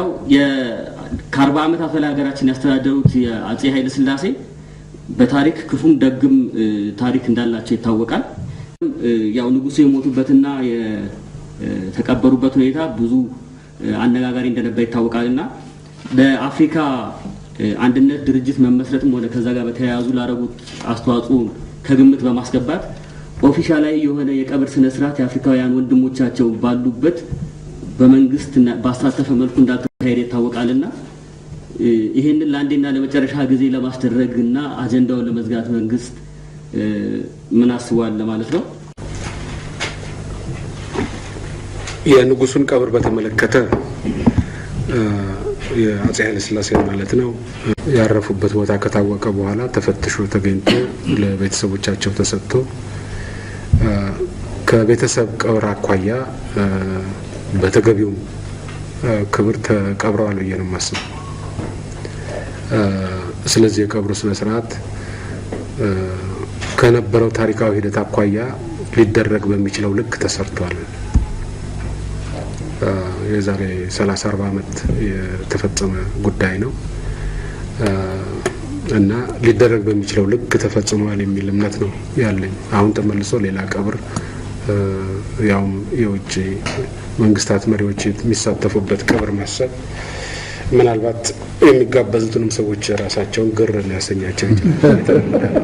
ያው ከአርባ ዓመታት በላይ ሀገራችን ያስተዳደሩት የአጼ ኃይለ ስላሴ በታሪክ ክፉም ደግም ታሪክ እንዳላቸው ይታወቃል። ያው ንጉሱ የሞቱበትና የተቀበሩበት ሁኔታ ብዙ አነጋጋሪ እንደነበር ይታወቃል እና በአፍሪካ አንድነት ድርጅት መመስረትም ሆነ ከዛ ጋር በተያያዙ ላረጉት አስተዋጽኦ ከግምት በማስገባት ኦፊሻላዊ የሆነ የቀብር ስነስርዓት የአፍሪካውያን ወንድሞቻቸው ባሉበት በመንግስት ባሳተፈ መልኩ እንዳካሄደ ይታወቃልና ይህንን ለአንዴና ለመጨረሻ ጊዜ ለማስደረግ እና አጀንዳውን ለመዝጋት መንግስት ምን አስቧል ማለት ነው። የንጉሱን ቀብር በተመለከተ ኃይለ ኃይለስላሴን ማለት ነው ያረፉበት ቦታ ከታወቀ በኋላ ተፈትሾ ተገኝቶ ለቤተሰቦቻቸው ተሰጥቶ ከቤተሰብ ቀብር አኳያ በተገቢው ክብር ተቀብረዋል ብዬ ነው የማስበው። ስለዚህ የቀብሩ ስነ ስርዓት ከነበረው ታሪካዊ ሂደት አኳያ ሊደረግ በሚችለው ልክ ተሰርቷል። የዛሬ 30 40 ዓመት የተፈጸመ ጉዳይ ነው እና ሊደረግ በሚችለው ልክ ተፈጽሟል የሚል እምነት ነው ያለኝ። አሁን ተመልሶ ሌላ ቀብር ያውም የውጭ መንግስታት መሪዎች የሚሳተፉበት ቀብር ማሰብ ምናልባት የሚጋበዙትንም ሰዎች ራሳቸውን ግር ሊያሰኛቸው ይችላል።